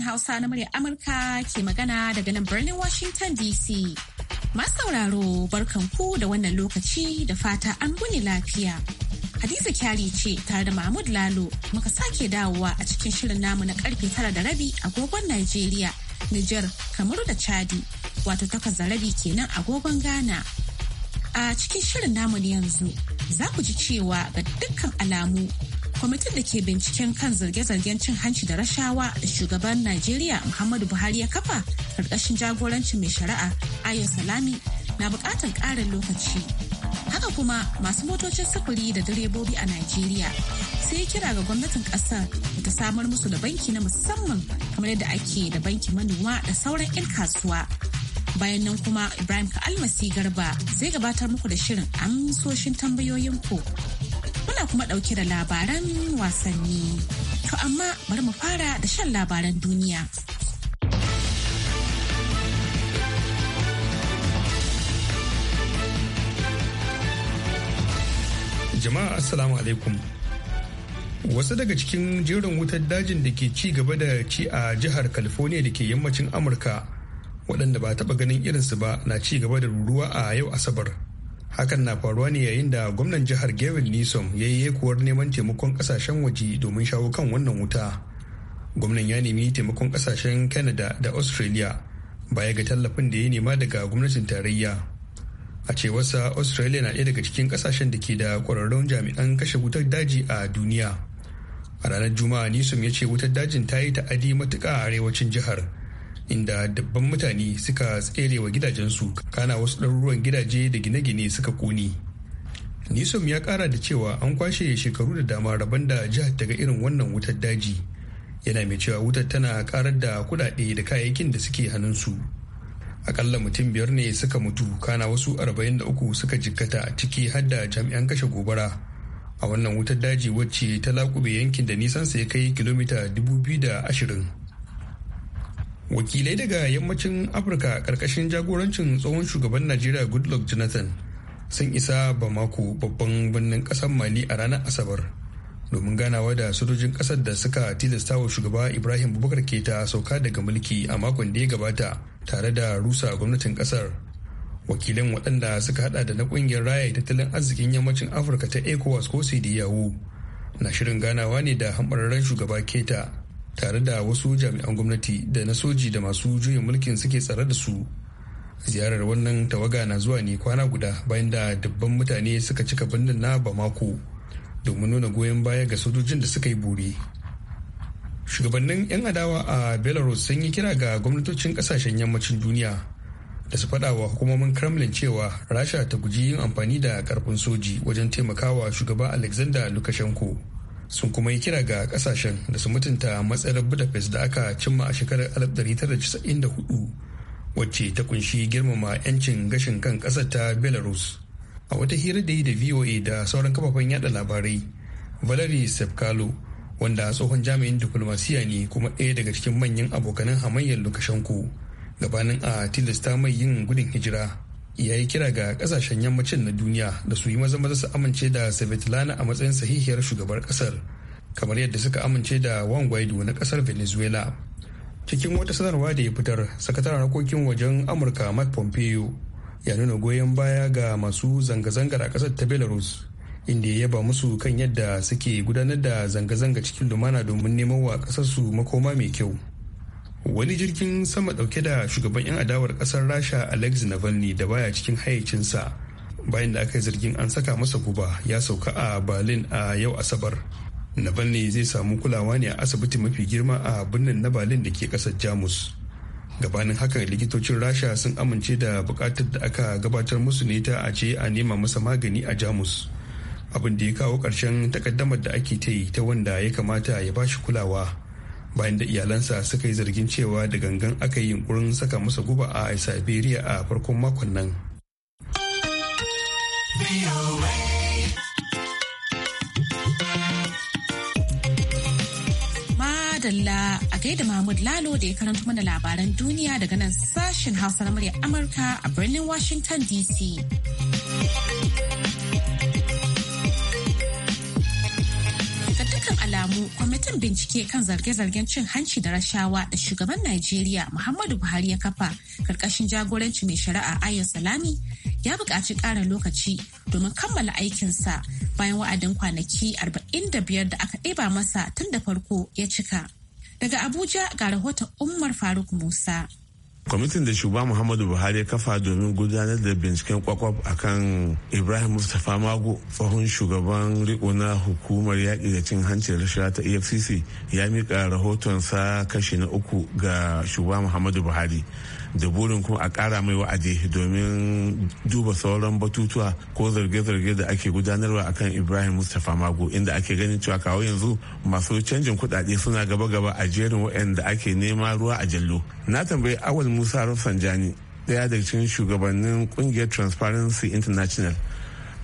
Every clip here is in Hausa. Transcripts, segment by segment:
sashen Hausa na murya Amurka ke magana daga nan birnin Washington DC. Masauraro barkanku da wannan lokaci da fata an gune lafiya. Hadiza kyari ce tare da Mahmud Lalo muka sake dawowa a cikin shirin namu na karfe tara da rabi agogon Najeriya, Nijar, Kamaru da Chadi, wato takwas da rabi kenan agogon Ghana. A cikin shirin namu yanzu, za ku ji cewa ga dukkan alamu kwamitin da ke binciken kan zarge-zargen cin hanci da rashawa da shugaban najeriya muhammadu buhari ya kafa karkashin jagorancin mai shari'a ayo salami na bukatar karin lokaci haka kuma masu motocin sufuri da direbobi a najeriya sai kira ga gwamnatin kasar da ta samar musu da banki na musamman kamar yadda ake da banki manoma da sauran 'yan kasuwa bayan nan kuma ibrahim ka almasi garba zai gabatar muku da shirin amsoshin tambayoyin ku muna kuma ɗauke da labaran wasanni. To amma bari mu fara da shan labaran duniya. Jama'a Assalamu alaikum. Wasu daga cikin jerin wutar dajin da ke ci gaba da ci a jihar California da ke yammacin Amurka waɗanda ba taɓa ganin irinsu ba na ci gaba da ruruwa a yau Asabar. hakan na faruwa ne yayin da gwamnan jihar gavin nisom ya yi yekuwar neman taimakon kasashen waje domin shawo kan wannan wuta gwamnan ya nemi taimakon kasashen canada da australia baya ga tallafin da ya nema daga gwamnatin tarayya a cewarsa australia na ɗaya daga cikin kasashen da ke da ƙwararrun jami'an kashe wutar daji a duniya a ranar juma'a nisom ya ce wutar dajin ta yi ta'adi matuƙa a arewacin jihar inda dabban mutane suka tserewa gidajensu kana wasu ɗaruruwan gidaje da gine-gine suka kone. Nisom ya kara da cewa an kwashe shekaru da dama rabon da jihar daga irin wannan wutar daji. Yana mai cewa wutar tana karar da kuɗaɗe da kayayyakin da suke hannunsu. Akalla mutum biyar ne suka mutu kana wasu arba'in da uku suka jikkata ciki har da jami'an kashe gobara. A wannan wutar daji wacce ta laƙube yankin da nisansa ya kai kilomita dubu biyu da ashirin. wakilai daga yammacin afirka karkashin jagorancin tsohon shugaban najeriya goodluck jonathan sun isa bamako babban birnin kasar mali a ranar asabar domin ganawa da sojojin kasar da suka tilasta wa shugaba ibrahim bubakar keta sauka daga mulki a makon da ya gabata tare da rusa gwamnatin kasar wakilan waɗanda suka hada da na ƙungiyar raya tattalin arzikin yammacin afirka ta ecowas ko yahoo na shirin ganawa ne da hambararren shugaba keta tare da wasu jami'an gwamnati da na soji da masu juyin mulkin suke tsare da su ziyarar wannan tawaga na zuwa ne kwana guda bayan da dubban mutane suka cika birnin na bamako domin nuna goyon baya ga sojojin da suka yi bore shugabannin 'yan adawa a belarus sun yi kira ga gwamnatocin kasashen yammacin duniya da su faɗa wa hukumomin kremlin cewa rasha ta guji yin amfani da karfin soji wajen taimakawa shugaba alexander lukashenko sun kuma yi kira ga kasashen da su mutunta matsayar budapest da aka cimma a shekarar 1994 wacce ta kunshi girmama 'yancin gashin kan kasar ta belarus a wata hira da yi da voa da sauran kafafen yada labarai valeri sepkalo wanda tsohon jami'in diplomasiya ne kuma ɗaya daga cikin manyan abokanan hamayyar lukashenko gabanin a tilasta mai yin gudun hijira ya yi kira ga kasashen yammacin na duniya da su yi maza maza su amince da Svetlana a matsayin sahihiyar shugabar kasar kamar yadda suka amince da Juan Guaido na kasar Venezuela. Cikin wata sanarwa da ya fitar, sakataren harkokin wajen Amurka Mike Pompeo ya nuna goyon baya ga masu zanga-zangar a kasar ta Belarus inda ya yaba musu kan yadda suke gudanar da zanga-zanga cikin lumana domin neman wa kasarsu makoma mai kyau. wani jirgin sama dauke da shugaban 'yan adawar kasar rasha alex navalny da baya cikin hayyacinsa bayan da aka yi zargin an saka masa guba ya sauka a berlin a yau asabar navalny zai samu kulawa ne a asibiti mafi girma a birnin na berlin da ke kasar jamus gabanin hakan likitocin rasha sun amince da bukatar da aka gabatar musu ne ta a ce a nema masa magani a jamus abin da ya kawo ƙarshen takaddamar da ake ta yi ta wanda ya kamata ya bashi kulawa bayan da iyalansa suka yi zargin cewa da gangan aka yi yunkurin saka masa guba a siberia a farkon makon nan Madalla a gaida Mahmud Lalo da ya karanta mana labaran duniya daga nan sashen Hausa na murya Amurka a birnin Washington DC. kwamitin bincike kan zarge-zargen cin hanci da rashawa da shugaban Najeriya Muhammadu Buhari ya kafa karkashin jagoranci mai shari'a Ayo Salami ya buƙaci ƙarin lokaci domin kammala aikinsa bayan wa'adin kwanaki 45 da aka ɗeba masa tun da farko ya cika. Daga Abuja ga rahoton Umar Faruk Musa. kwamitin da shugaba muhammadu buhari ya kafa domin gudanar da binciken kwakwaf akan ibrahim mustapha mago tsohon shugaban riko na hukumar yaƙi da cin hancin rashawa ta efcc ya mika rahoton sa kashi na uku ga shugaba muhammadu buhari da burin kuma a ƙara mai wa'adi domin duba sauran batutuwa ko zarge-zarge da ake gudanarwa akan ibrahim mustapha mago inda ake ganin cewa kawo yanzu masu canjin kuɗaɗe suna gaba-gaba a jerin waɗanda ake nema ruwa a jallo na tambayi awal musa Sanjani daya daga cikin shugabannin kungiyar transparency international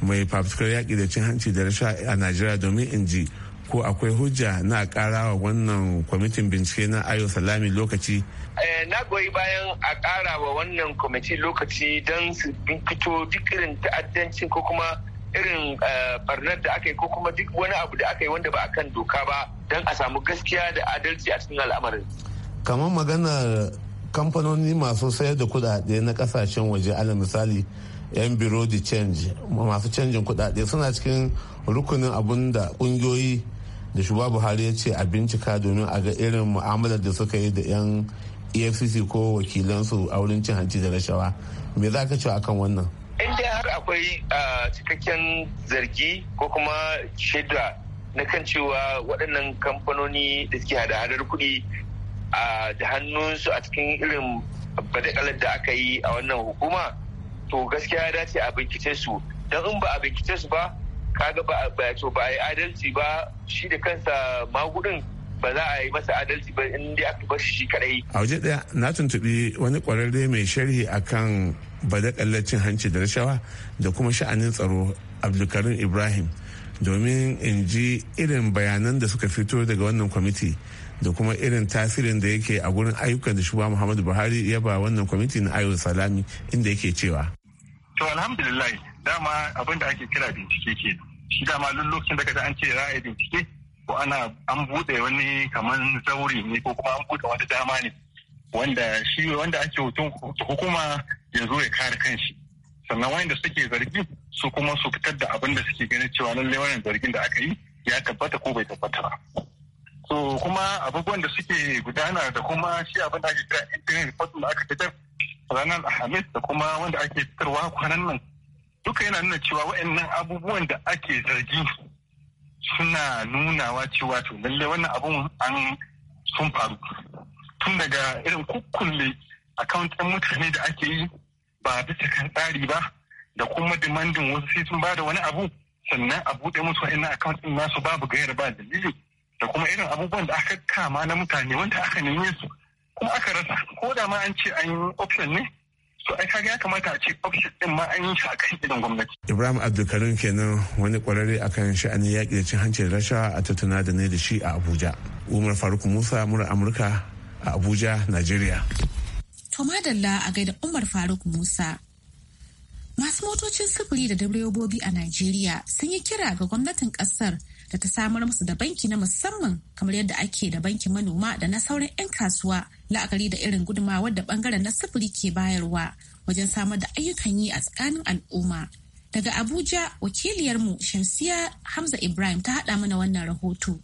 mai fafutukar yaƙi da cin hanci da rasha a najeriya domin in ji ko akwai hujja na ƙara wa wannan kwamitin bincike na ayo salami lokaci eh, na goyi bayan a ƙara wa wannan kwamiti lokaci don su fito duk irin ta'addancin ko kuma irin eh, barnar da aka yi ko kuma duk wani abu da aka yi wanda ba a kan doka ba don a samu gaskiya da adalci a cikin al'amarin kamar magana. kamfanoni masu sayar da kudade na kasashen waje ala misali yan biro di change masu canjin kudade suna cikin rukunin abun da kungiyoyi da shugaba buhari ya ce a bincika domin a ga irin mu'amalar da suka yi da yan efcc ko wakilansu a wurin cin hanci da rashawa me za ka ce akan wannan in dai har akwai cikakken zargi ko kuma shaida na kan cewa waɗannan kamfanoni da suke hada hadar kuɗi da hannunsu a cikin irin badakalar da aka yi a wannan hukuma to gaskiya ya dace a bincike su don in ba a bincike su ba kaga ba ba to ba yi adalci ba shi da kansa magudin ba za a yi masa adalci ba in dai aka bar shi kadai a waje daya na tuntubi wani kwararre mai sharhi akan badakalar cin hanci da rashawa da kuma sha'anin tsaro abdulkarim ibrahim domin in ji irin bayanan da suka fito daga wannan kwamiti da kuma irin tasirin da yake a gurin ayyukan da shugaba muhammadu buhari ya ba wannan kwamiti na ayo salami inda yake cewa to alhamdulillah dama abin da ake kira bincike ke shi dama duk daga an ce ra'ayi bincike ko ana an buɗe wani kamar zauri ne ko kuma an buɗe wata dama ne wanda shi wanda ake hukuma ya zo ya kare kanshi sannan wanda suke zargi su kuma su fitar da abin da suke ganin cewa lallai wannan zargin da aka yi ya tabbata ko bai tabbata ba so kuma abubuwan da suke gudana da kuma shi abin da ake kira interim report da aka fitar ranar alhamis da kuma wanda ake fitarwa kwanan nan duka yana nuna cewa waɗannan abubuwan da ake zargi suna nunawa cewa to lallai wannan abun an sun faru tun daga irin kukkulle ɗin mutane da ake yi ba bisa kan tsari ba da kuma demandin wasu sai sun ba da wani abu sannan a buɗe musu wa'annan account ɗin nasu babu gayar ba dalili da kuma irin abubuwan da aka kama na mutane wanda aka neme su kuma aka rasa ko da ma an ce an yi option ne so ai kaga ya kamata a ce option din ma an yi shi a kan idan gwamnati. Ibrahim Abdulkarim kenan wani kwararre akan sha'anin yaƙi da cin hanci da rashawa a tattauna da ne da shi a Abuja. Umar Faruk Musa mura Amurka a Abuja, Najeriya. To madalla a gaida Umar Faruk Musa. Masu motocin sufuri da direbobi a Najeriya sun yi kira ga gwamnatin kasar da ta samar musu da banki na musamman kamar yadda ake da bankin manoma da na sauran 'yan kasuwa la'akari da irin gudumawar da bangaren na sufuri ke bayarwa wajen samar da ayyukan yi a tsakanin al'umma. Daga Abuja, wakiliyarmu Shamsiya Hamza Ibrahim ta haɗa mana wannan rahoto.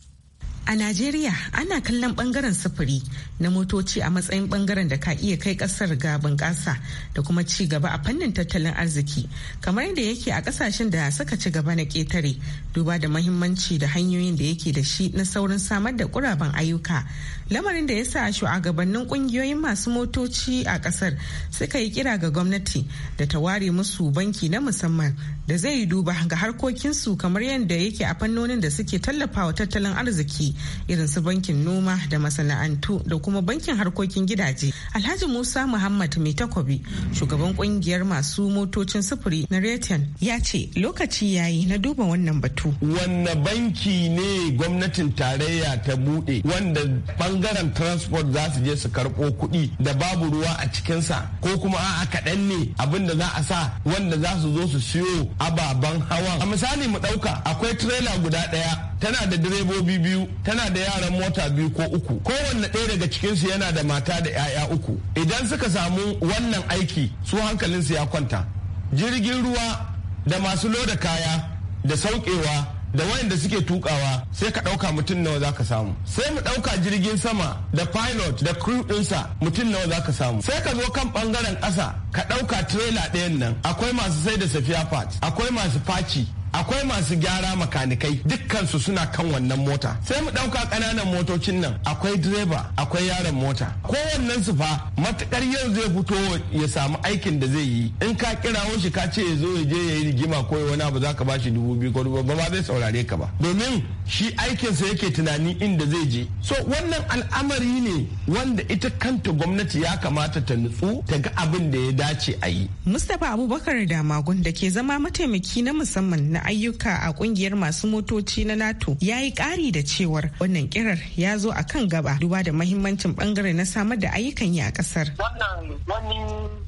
A Najeriya ana kallon bangaren sufuri na motoci a matsayin bangaren da ka iya kai kasar ga bunƙasa da kuma ci gaba a fannin tattalin arziki kamar yadda yake a kasashen da suka ci gaba na ƙetare duba da mahimmanci da hanyoyin da yake da shi na saurin samar da kuraben ayyuka lamarin da ya sa shugabannin ƙungiyoyin masu motoci a ƙasar suka yi kira ga gwamnati da ta ware musu banki na musamman da zai duba ga harkokinsu kamar yadda yake a fannonin da suke tallafawa tattalin arziki irin su bankin noma da masana'antu da kuma bankin harkokin gidaje alhaji musa muhammad mai takobi shugaban kungiyar masu motocin sufuri na reten ya ce lokaci yayi na duba wannan batu wanne banki ne gwamnatin tarayya ta bude wanda bangaren transport za su je su karbo kuɗi da babu ruwa a cikinsa ko kuma a kaɗan ne abin da za a sa wanda za su zo su siyo ababen hawa a misali mu ɗauka akwai trailer guda ɗaya tana da direbobi biyu tana da yaran mota biyu ko uku kowanne ɗaya daga cikinsu yana da mata da 'ya'ya uku idan suka samu wannan aiki su hankalinsu ya kwanta jirgin ruwa da masu loda kaya da saukewa da wayanda suke tukawa sai ka ɗauka mutum nawa za ka samu sai mu ɗauka jirgin sama da pilot da crew ɗinsa mutum nawa za ka samu sai ka zo kan ɓangaren ƙasa ka ɗauka trailer ɗayan nan akwai masu sai da safiya part akwai masu faci akwai masu gyara makanikai dukkansu suna kan wannan mota sai mu ɗauka ƙananan motocin nan akwai direba akwai yaron mota kowannen su fa matukar yau zai fito ya samu aikin da zai yi in ka kirawo shi ka ce ya zo ya je ya yi rigima ko wani abu za ka bashi dubu biyu ko dubu ba ma zai saurare ka ba domin shi aikinsa yake tunani inda zai je so wannan al'amari ne wanda ita kanta gwamnati ya kamata ta nutsu ta ga abin da ya dace a yi. Mustapha Abubakar Damagun da ke zama mataimaki na musamman na ayyuka a kungiyar masu motoci na nato ya yi ƙari da cewar wannan kirar ya zo a kan gaba duba da mahimmancin bangare na samar da ayyukan yi a ƙasar. wannan wani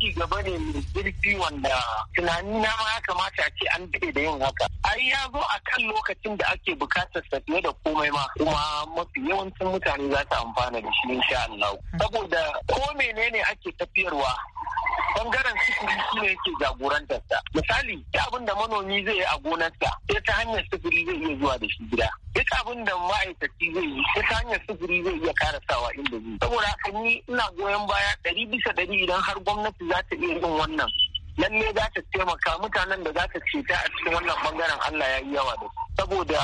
ci gaba ne mai zurfi wanda tunani na ma ya kamata a ce an daɗe da yin haka ai ya zo a kan lokacin da ake bukatar sa fiye da komai ma kuma mafi yawancin mutane za su amfana da shi insha Allah saboda ko menene ake tafiyarwa bangaren sufuri shi ne yake jagorantar misali duk abin da manomi zai yi a gonarsa sai ta hanyar sufuri zai iya zuwa da shi gida duk abin da ma'aikaci zai yi sai ta hanyar sufuri zai iya karasawa inda zai saboda haka ni ina goyon baya ɗari bisa ɗari idan har gwamnati za ta iya yin wannan lalle za ta taimaka mutanen da za ta ceta a cikin wannan bangaren Allah ya yi yawa da saboda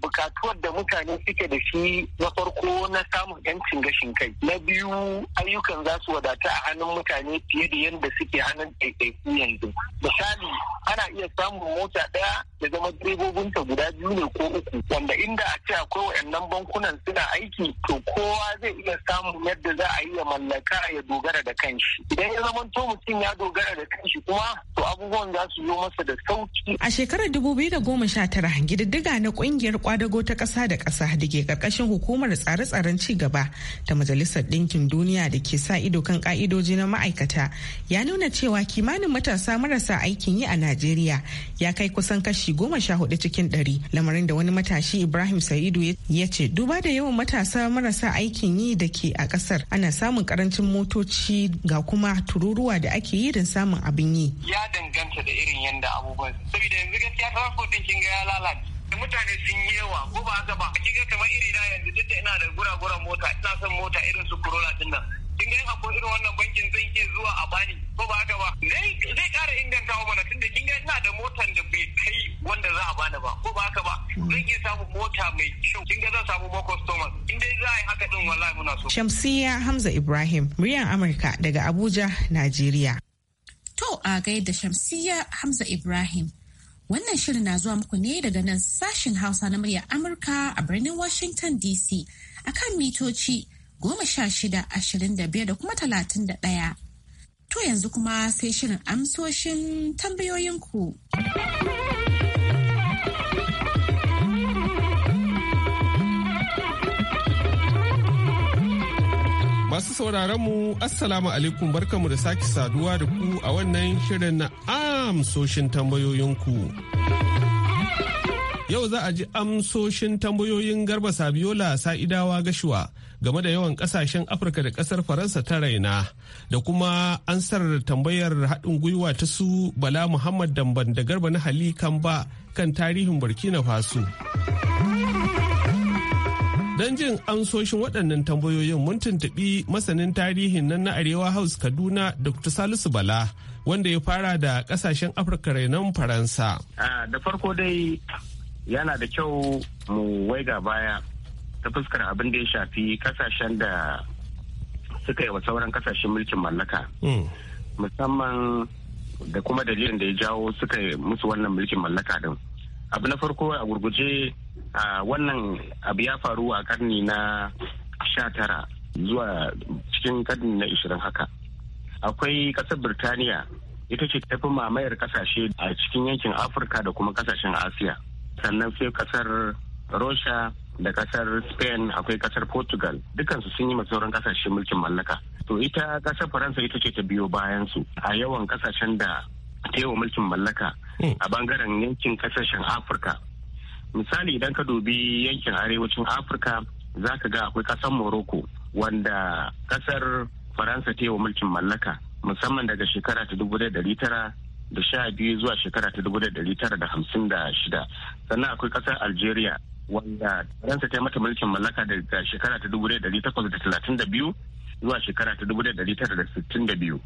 bukatuwar da mutane suke da shi na farko na samun yancin gashin kai na biyu ayyukan za su wadata a hannun mutane fiye da yadda suke hannun ɗaiɗaiku yanzu misali ana iya samun mota ɗaya da zama direbobinta guda biyu ne ko uku wanda inda a ce akwai waɗannan bankunan suna aiki to kowa zai iya samun yadda za a yi iya mallaka ya dogara da kanshi idan ya zama to mutum ya dogara da kanshi ko kuma to abubuwan za su zo masa da sauki. A shekarar dubu biyu da goma sha 2019 gididdiga na kungiyar kwadago ta ƙasa da ƙasa da ke ƙarƙashin hukumar tsare-tsaren ci gaba ta Majalisar Ɗinkin Duniya da ke sa ido kan ƙa'idoji na ma'aikata ya nuna cewa kimanin matasa marasa aikin yi a Najeriya ya kai kusan kashi goma sha hudu cikin ɗari lamarin da wani matashi Ibrahim Sa'idu ya ce duba da yawan matasa marasa aikin yi da ke a ƙasar ana samun karancin motoci ga kuma tururuwa da ake yi don samun abin yi ya danganta da irin yadda abubuwan saboda yanzu gaskiya transport din kin ga ya lalace mutane sun yi yawa ko ba haka ba kin ga kamar iri na yanzu duk da ina da guraguran mota ina son mota irin su Corolla din nan kin ga akwai irin wannan bankin zan iya zuwa a bani ko ba haka ba zai zai ƙara inganta mana tunda kin ga ina da motan da bai kai wanda za a bani ba ko ba haka ba zan iya samu mota mai kyau kin ga zan samu more customers in dai za a yi haka din wallahi muna so Shamsiya Hamza Ibrahim muryar Amurka daga Abuja Najeriya a gaida Shamsiyya Hamza Ibrahim. Wannan shirin na zuwa muku ne daga nan sashen Hausa na muryar Amurka a birnin Washington DC a kan mitoci goma sha shida ashirin da biyar da kuma talatin da ɗaya. To yanzu kuma sai shirin amsoshin tambayoyinku. Masu sauraron mu Assalamu alaikum barkamu da sake saduwa da ku a wannan shirin na amsoshin tambayoyinku. Yau za a ji amsoshin tambayoyin Garba Sabiola Sa'idawa Gashuwa game da yawan kasashen Afirka da kasar Faransa ta raina da kuma ansar tambayar haɗin gwiwa ta su Bala Muhammad Damban da Garba na Hali Kamba kan tarihin Burkina Faso. Don jin amsoshin waɗannan tambayoyin mun tuntuɓi masanin tarihin nan na Arewa House Kaduna Dr. Salisu Bala wanda ya fara da ƙasashen Afirka renon Faransa. Da farko dai yana da kyau mu wai ga baya ta fuskar abin da ya shafi ƙasashen da suka yi wa sauran ƙasashen mulkin mallaka. Hmm. Musamman da kuma dalilin da ya jawo suka yi musu wannan mulkin mallaka din. Abu na farko a gurguje wannan abu ya faru a karni na sha tara zuwa cikin karni na ishirin haka akwai ƙasar birtaniya ita ce tafi mamayar kasashe a cikin yankin afirka da kuma kasashen asiya sannan sai kasar russia da kasar spain akwai kasar portugal dukansu sun yi sauran kasashe mulkin mallaka to ita kasar faransa ita ce ta biyo bayan su a yawan kasashen da ta yi mulkin mallaka hmm. a bangaren yankin kasashen afirka misali idan ka dubi yankin arewacin afirka za ka ga akwai kasar morocco wanda kasar faransa ta yi wa mulkin mallaka musamman daga shekara ta dubu da dari tara da sha biyu zuwa shekara ta dubu da dari tara da hamsin da shida sannan akwai kasar algeria wanda faransa ta yi mata mulkin mallaka daga shekara ta dubu da dari takwas da talatin da biyu zuwa shekara ta dubu da dari tara da sittin da biyu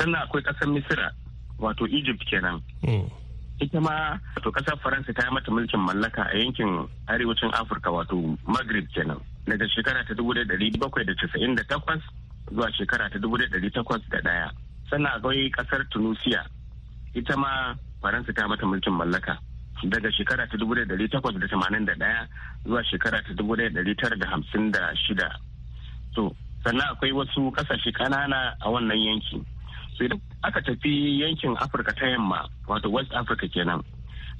sannan akwai kasar misira wato egypt kenan hmm. ita ma to kasar faransa ta yi mata mulkin mallaka a yankin arewacin afirka wato maghrib kenan daga shekara ta dubu da takwas zuwa shekara ta dubu daya sannan akwai kasar tunisia ita ma faransa ta mata mulkin mallaka daga shekara ta dubu da daya zuwa shekara ta dubu da da hamsin shida to sannan akwai wasu kasashe kanana a wannan yanki so idan aka tafi yankin afirka ta yamma wato west africa kenan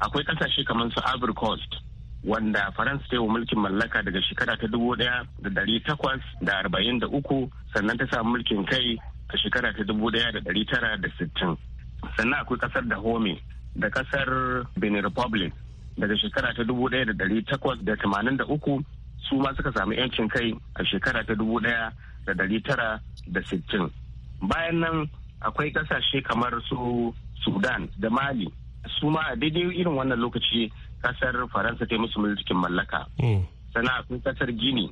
akwai kasashe kamar su ivory coast wanda faransa ta yi wa mulkin mallaka daga shekara ta dubu daya da dari takwas da arba'in da uku sannan ta samu mulkin kai a shekara ta dubu daya da dari tara da sittin sannan akwai kasar da home da kasar benin republic daga shekara ta dubu daya da dari takwas da tamanin da uku su ma suka samu yancin kai a shekara ta dubu daya da dari tara da sittin bayan nan akwai kasashe kamar su sudan da mali su ma a daidai irin wannan lokaci kasar faransa ta yi musu mulkin mallaka mm. sana akwai kasar gini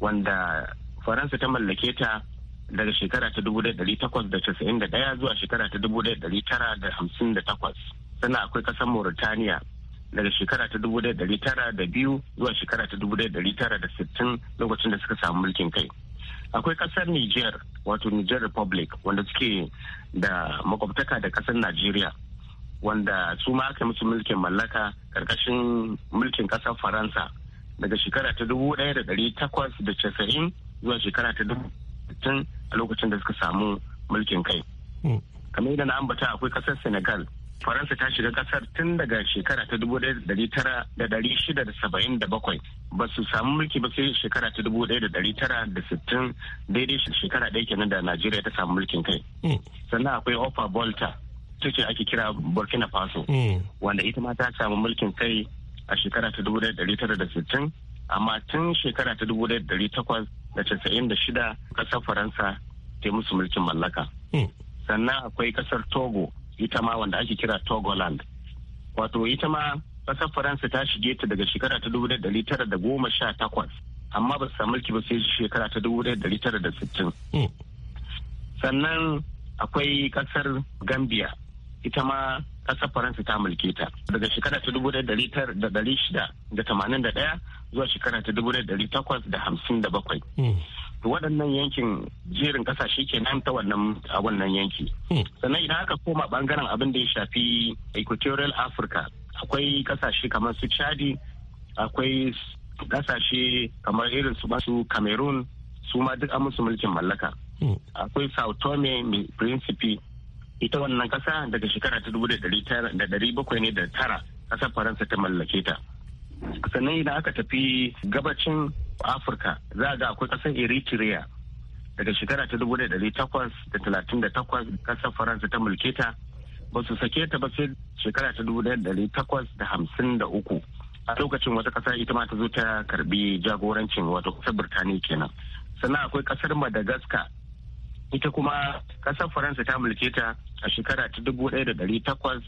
wanda faransa ta mallake ta daga shekara ta 1891 zuwa shekara ta 1958 sana akwai kasar mauritania daga shekara ta dubu dari tara da biyu zuwa shekara ta dubu dari tara da sittin lokacin da suka samu mulkin kai akwai kasar niger wato niger republic wanda suke da makwabtaka da kasar najeriya wanda su ma aka musu mulkin mallaka karkashin mulkin kasar faransa daga shekara ta dubu ɗaya da ɗari takwas da casa'in zuwa shekara ta dubu a lokacin da suka samu mulkin kai hmm. kamar yadda na ambata akwai kasar senegal faransa ta shiga kasar tun daga shekara ta dubu ɗaya da tara da ɗari shida da saba'in da bakwai ba su samu mulki ba sai shekara ta dubu ɗaya da ɗari tara da sittin daidai shekara ɗaya kenan da najeriya ta samu mulkin kai hmm. sannan akwai ofa bolta ta ce ake kira burkina faso hmm. wanda ita ma ta samu mulkin kai a shekara ta dubu ɗaya da ɗari tara da sittin amma tun shekara ta dubu ɗaya da ɗari takwas da casa'in da shida ƙasar faransa ta yi musu mulkin mallaka hmm. sannan akwai ƙasar togo ita ma wanda ake kira togoland wato ita ma ƙasar faransa ta shige ta daga shekara ta dubu da tara da goma sha takwas amma ba su samu mulki ba sai shekara ta dubu da tara da sittin hmm. sannan akwai ƙasar gambia ita ma ƙasar faransa ta mulke ta daga shekara ta dubu da dari shida da tamanin da ɗaya zuwa shekara ta dubu da dari takwas da hamsin da bakwai hmm. waɗannan yankin jerin kasashe nan ta wannan a wannan yanki hmm. sannan idan aka koma bangaren abin da ya shafi equatorial africa akwai kasashe kamar su chadi akwai kasashe kamar irin su masu cameroon su ma duk musu mulkin mallaka hmm. akwai sao tome principe ita wannan kasa daga shekara ta dubu da dari bakwai ne da tara ƙasar faransa ta mallake ta sannan idan aka tafi gabacin afirka za ga akwai ƙasar eritrea daga shekara ta dubu da takwas da talatin da takwas ƙasar faransa ta mulke ta ba su sake ta ba sai shekara ta dubu da takwas da hamsin da uku a lokacin wata kasa ita ma ta zo ta karbi jagorancin wato kasar birtaniya kenan sannan akwai ƙasar madagascar ita kuma ƙasar faransa ta mulke ta a shekara ta dubu da takwas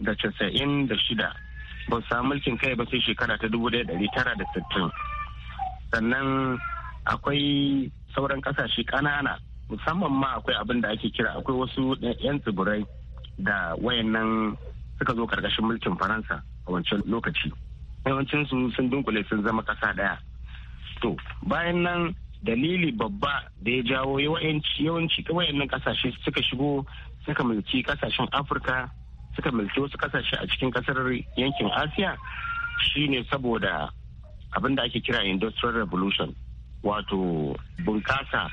da casa'in da shida ba su samu mulkin kai ba sai shekara ta dubu da tara da sittin sannan akwai sauran kasashe kanana musamman ma akwai abin da ake kira akwai wasu 'yan tsibirai da wayannan suka zo karkashin mulkin faransa a wancan lokaci yawancinsu sun dunkule sun zama kasa ɗaya to bayan nan dalili babba da ya jawo yawanci wayannan kasashe suka shigo suka mulki kasashen afirka suka mulki wasu kasashe a cikin kasar yankin asiya shine saboda abin da ake kira industrial revolution wato bunkasa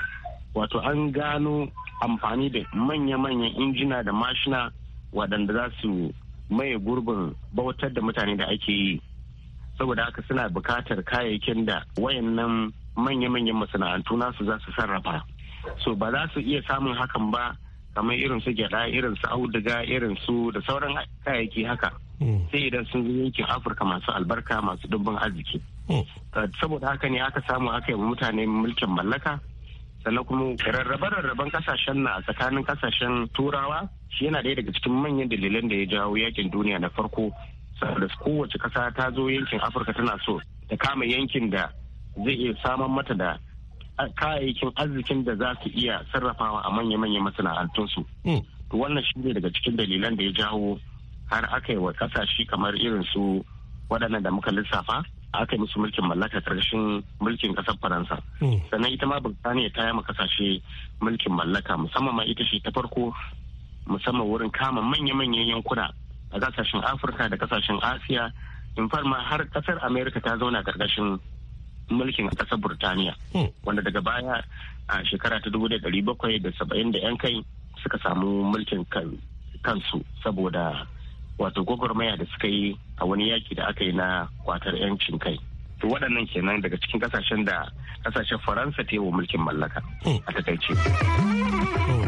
wato an gano amfani da manya-manyan injina da mashina waɗanda za su maye gurbin bautar da mutane da ake yi saboda haka suna bukatar kayayyakin da wayannan manya-manyan masana'antu nasu za su sarrafa so ba za su iya samun hakan ba kamar irin su gyada irin su auduga irin su da sauran kayayyaki haka hmm. sai idan sun zo yankin afirka masu albarka masu dubban arziki Eh, saboda haka ne aka samu aka yi mutane mulkin mallaka sannan kuma rarrabe-rarraben kasashen na tsakanin kasashen turawa shi yana daya daga cikin manyan dalilan da ya jawo yakin duniya na farko saboda kowace ƙasa ta zo yankin afirka tana so ta kama yankin da zai iya saman mata da kayayyakin arzikin da za su iya sarrafawa a manya-manyan masana'antunsu hmm. wannan shi ne daga cikin dalilan da ya jawo har aka yi wa kasashe kamar irin su waɗannan da muka lissafa aka musu mulkin mallaka karshen mulkin kasar faransa hmm. sannan ita ma birtaniya ta yama kasashe mulkin mallaka musamman ma ita ce ta farko musamman wurin kama manya-manyan yankuna a kasashen afirka da kasashen asiya in farma har kasar america ta zauna karkashin mulkin kasar burtaniya hmm. wanda daga baya a shekara ta dubu da bakwai da saba'in da yan kai suka samu mulkin kansu saboda wato gwagwarmaya da suka yi a wani yaki da aka yi na kwatar 'yancin kai to waɗannan kenan daga cikin kasashen da kasashen faransa ta yi mulkin mallaka hmm. a takaice oh.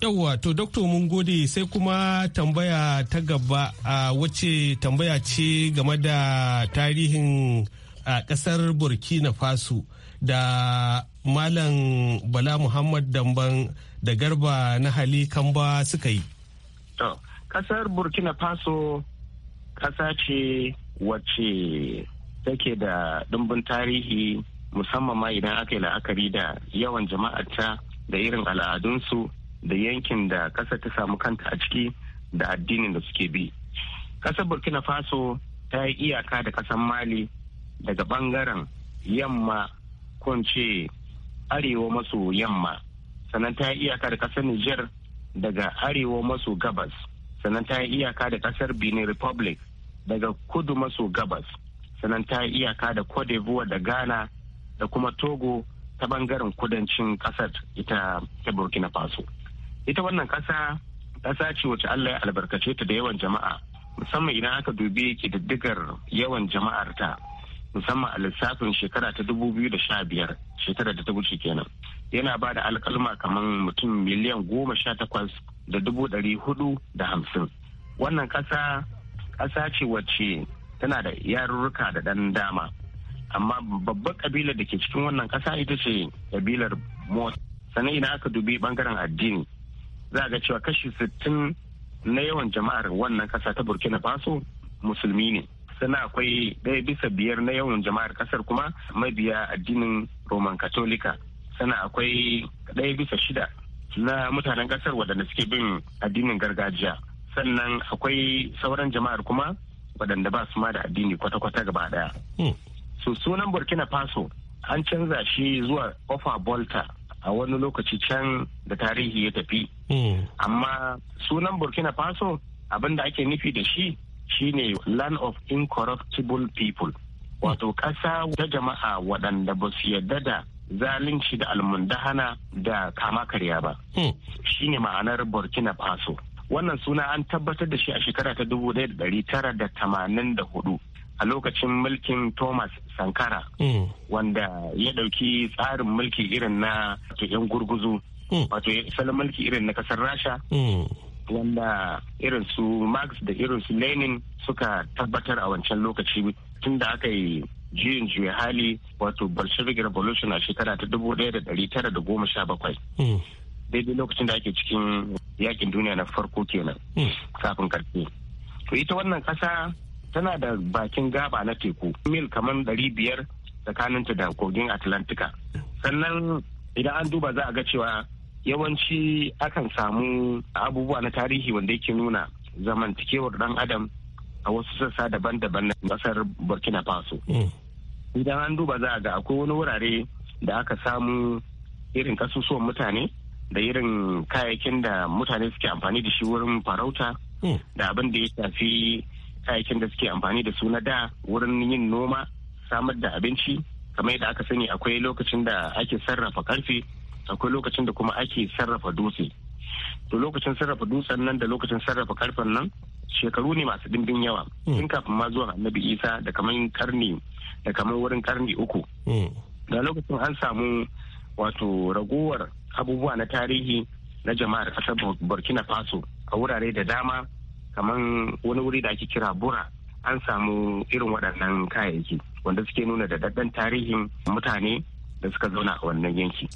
yawwa to dokto mun gode sai kuma tambaya ta gaba a wace tambaya ce game da tarihin a kasar burkina faso da malam bala muhammad damban da garba na hali kamba suka yi To, kasar Burkina Faso kasa ce wacce take da ɗumbin tarihi musamman ma idan aka yi la'akari da yawan jama'arta da irin al'adunsu da yankin da ƙasa ta samu kanta a ciki da addinin da suke bi. Ƙasar Burkina Faso ta yi iyaka da ƙasar Mali daga ɓangaren yamma kunce arewa maso yamma sannan ta yi iyaka da ƙasar Nijar daga arewa maso gabas sannan ta yi iyaka da kasar benin republic daga kudu maso gabas sannan ta yi iyaka da cote d'ivoire da ghana da kuma togo ta bangaren kudancin kasar ita ta burkina faso ita wannan kasa kasa ce wacce allah ya albarkace ta da yawan jama'a musamman idan aka dubi kididdigar yawan jama'ar ta musamman a lissafin shekara ta da sha biyar shekarar da ta wuce kenan yana ba da alkalma kamar mutum miliyan goma sha takwas da dubu ɗari hudu da hamsin wannan ƙasa ƙasa ce wacce tana da yarurruka da ɗan dama amma babbar ƙabilar da ke cikin wannan ƙasa ita ce ƙabilar mot sannan idan aka dubi ɓangaren addini za ga cewa kashi sittin na yawan jama'ar wannan ƙasa ta burkina faso musulmi ne sannan akwai ɗaya bisa biyar na yawan jama'ar ƙasar kuma mabiya addinin roman katolika Sana akwai ɗaya bisa shida na mutanen ƙasar waɗanda suke bin addinin gargajiya sannan akwai sauran jama'ar kuma waɗanda ba su ma da addini kwata-kwata gaba ɗaya. Hmm. Su sunan Burkina Faso an canza shi zuwa Ofa Bolta a wani lokaci can da tarihi ya tafi. Hmm. Amma sunan Burkina Faso abin da ake nufi da shi shi ne land of incorruptible people. Hmm. Wato ƙasa ta jama'a waɗanda ba su yarda da zalunci da almundahana da kama karya ba hmm. shine ma'anar burkina faso wannan suna an tabbatar da shi a shekara ta dubu da da da tara tamanin hudu. a lokacin mulkin thomas sankara hmm. wanda ya ɗauki tsarin mulki irin na yan gurguzu hmm. wato salon mulki irin na kasar rasha wanda irin su marx da irin su lenin suka tabbatar a wancan lokaci tun da aka yi juyin juya hali wato bolshevik revolution a shekara ta dubu ɗaya da ɗari tara da goma sha bakwai hmm. daidai lokacin da ake cikin yakin duniya na farko kenan hmm. kafin karfe to ita wannan kasa tana da bakin gaba na teku mil kamar ɗari biyar tsakaninta da kogin atlantika sannan idan an duba za a ga cewa yawanci akan samu abubuwa na tarihi wanda yake nuna zamantakewar ɗan adam a wasu sassa daban-daban na kasar burkina faso mm. idan an duba za a ga akwai wani wurare da aka samu irin kasusuwan mutane da irin kayayyakin da mutane suke amfani da shi wurin farauta mm. da abin da ya shafi kayayyakin da suke amfani da su na da wurin yin noma samar da abinci kamar da aka sani akwai lokacin da ake sarrafa karfe akwai lokacin da kuma ake sarrafa dutse to lokacin sarrafa dutsen nan da lokacin sarrafa karfen nan shekaru ne masu dindin yawa mm. tun kafin ma zuwa annabi isa da kamar karni da kamar wurin karni uku mm. da lokacin an samu wato ragowar abubuwa na tarihi na jama'ar kasar burkina faso a wurare da dama kamar wani wuri da ake kira bura an samu irin waɗannan kayayyaki wanda suke nuna da daddan tarihin mutane da suka zauna a wannan yanki.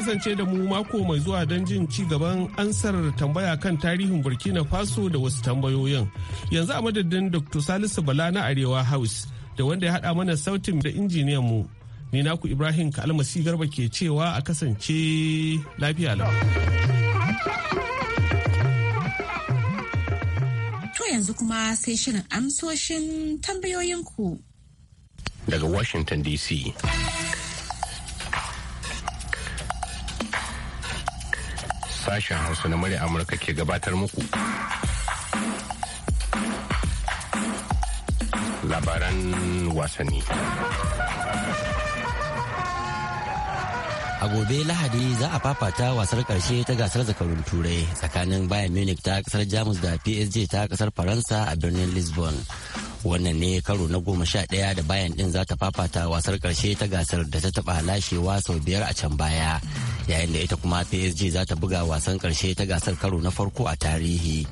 kasance da mu mako mai zuwa don jin ci gaban ansar tambaya kan tarihin burkina faso da wasu tambayoyin yanzu a madadin dr salisu bala na arewa house da wanda ya hada mana sautin da injiniyan mu ni naku ibrahim kalmasi garba ke cewa a kasance lafiya lau to yanzu kuma sai shirin amsoshin tambayoyinku daga washington dc sashen hausa na murya amurka ke gabatar muku labaran wasanni a gobe lahadi za a fafata wasar karshe ta gasar zakarun turai tsakanin bayan munich ta kasar jamus da psg ta kasar faransa a birnin lisbon wannan ne karo na goma sha ɗaya da bayan ɗin za ta fafata wasar karshe ta gasar da ta taɓa lashewa sau biyar a can baya yayin da ita kuma PSG za ta buga wasan karshe ta gasar karo na farko a tarihi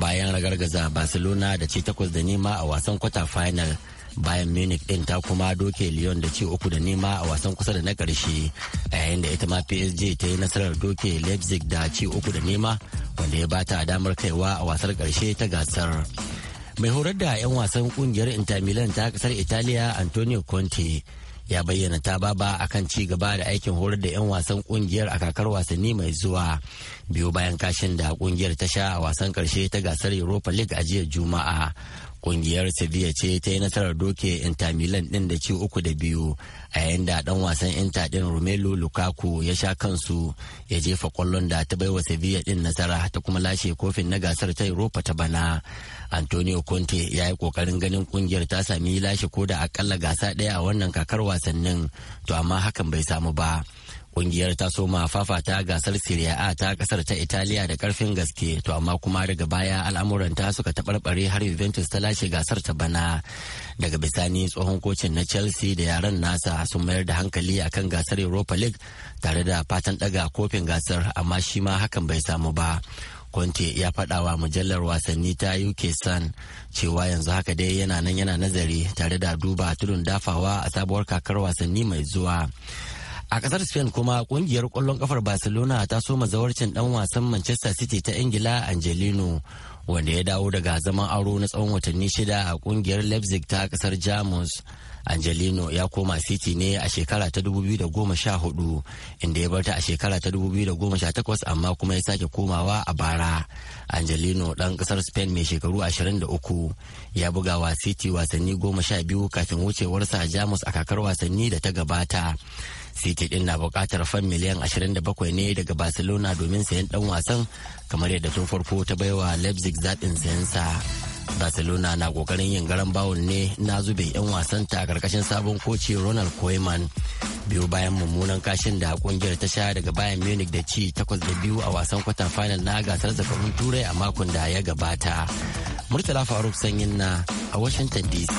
bayan ragargaza Barcelona da ce takwas da nema a wasan kwata final bayan munich din ta kuma doke lyon da ci uku da nema a wasan kusa da na karshe a yayin da ita ma psg ta yi nasarar doke leipzig da ci uku da nema wanda ya bata damar kaiwa a wasar karshe ta gasar mai horar da 'yan wasan kungiyar inter milan ta kasar italiya antonio conte ya bayyana ta baba akan ci gaba da aikin horar da 'yan wasan kungiyar a kakar wasanni mai zuwa biyu bayan kashin da kungiyar ta sha a wasan karshe ta gasar europa league a jiya juma'a Kungiyar Sevilla ce ta yi nasarar doke Inter Milan ɗin da ci uku da biyu a yayin da ɗan wasan Inter din Romelu Lukaku ya sha kansu ya jefa kwallon da ta baiwa Sevilla ɗin nasara ta kuma lashe kofin na gasar ta Europa ta bana. Antonio Conte ya yi kokarin ganin kungiyar ta sami lashe ko da akalla gasa ɗaya a wannan kakar wasannin to amma hakan bai samu ba. Kungiyar ta soma fafata gasar Serie A ta kasar ta Italiya da karfin gaske to amma kuma daga baya al'amuran ta suka taɓarɓare har Juventus ta lashe gasar ta bana. Daga bisani tsohon kocin na Chelsea da yaran nasa sun mayar da hankali akan gasar Europa League tare da fatan ɗaga kofin gasar amma shi ma hakan bai samu ba. Conte ya faɗa wa mujallar wasanni ta UK Sun cewa yanzu haka dai yana nan yana nazari tare da duba tudun dafawa a sabuwar kakar wasanni mai zuwa. A kasar Spain kuma kungiyar kwallon kafar Barcelona ta so mazawarcin dan wasan Manchester City ta Ingila Angelino wanda ya dawo daga zaman aro na tsawon watanni shida a kungiyar Leipzig ta kasar Jamus. Angelino ya koma City ne a shekara ta 2014 inda ya barta a shekara ta 2018 amma kuma ya sake komawa a bara. Angelino dan kasar Spain mai shekaru 23 ya buga wa City wasanni 12 kafin wucewarsa a Jamus a kakar wasanni da ta gabata. City din na bukatar fan miliyan 27 ne daga Barcelona domin sayan dan wasan kamar yadda tun farko ta baiwa Leipzig zaɗin sayansa. Barcelona na kokarin yin garan bawon ne na zube 'yan wasanta a karkashin sabon koci Ronald Koeman. Biyu bayan mummunan kashin da kungiyar ta sha daga bayan Munich da ci takwas da biyu a wasan kwata final na gasar zakarun turai a makon da ya gabata. Murtala Faruk Sanyin na a Washington DC.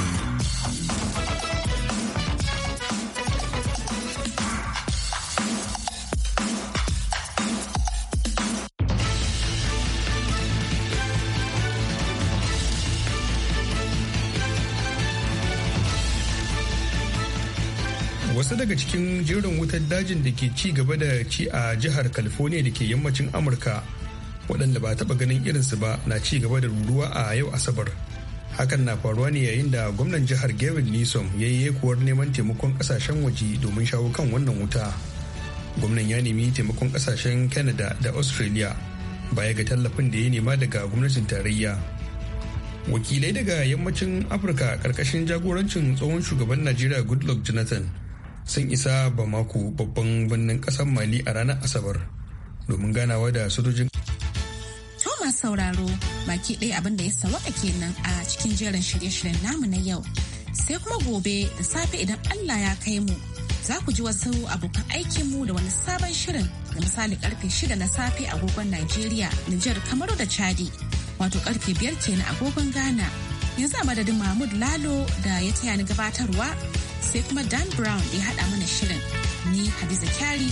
wasu daga cikin jerin wutar dajin da ke ci gaba da ci a jihar california da ke yammacin amurka waɗanda ba taɓa ganin irinsu ba na ci gaba da ruruwa a yau asabar hakan na faruwa ne yayin da gwamnan jihar gavin nison ya yi yekuwar neman taimakon ƙasashen waje domin shawo kan wannan wuta gwamnan ya nemi taimakon ƙasashen canada da australia baya ga tallafin da ya nema daga gwamnatin tarayya wakilai daga yammacin afirka karkashin jagorancin tsohon shugaban najeriya goodluck jonathan sun isa bamako babban birnin kasar mali a ranar asabar domin ganawa da sojojin Thomas sauraro baki ɗaya abinda ya sawa sawaka kenan a cikin jerin shirye-shiryen namu na yau sai kuma gobe da safe idan Allah ya kai mu za ku ji wasu abokan aikin mu da wani sabon shirin da misali karfe 6 na safe agogon Najeriya, Nijar, Kamaru da Chadi, wato karfe 5 kenan agogon Ghana. Yanzu a madadin Mahmud Lalo da ya taya ni gabatarwa sai kuma Dan Brown ya haɗa mana shirin. Ni Hadiza Kyari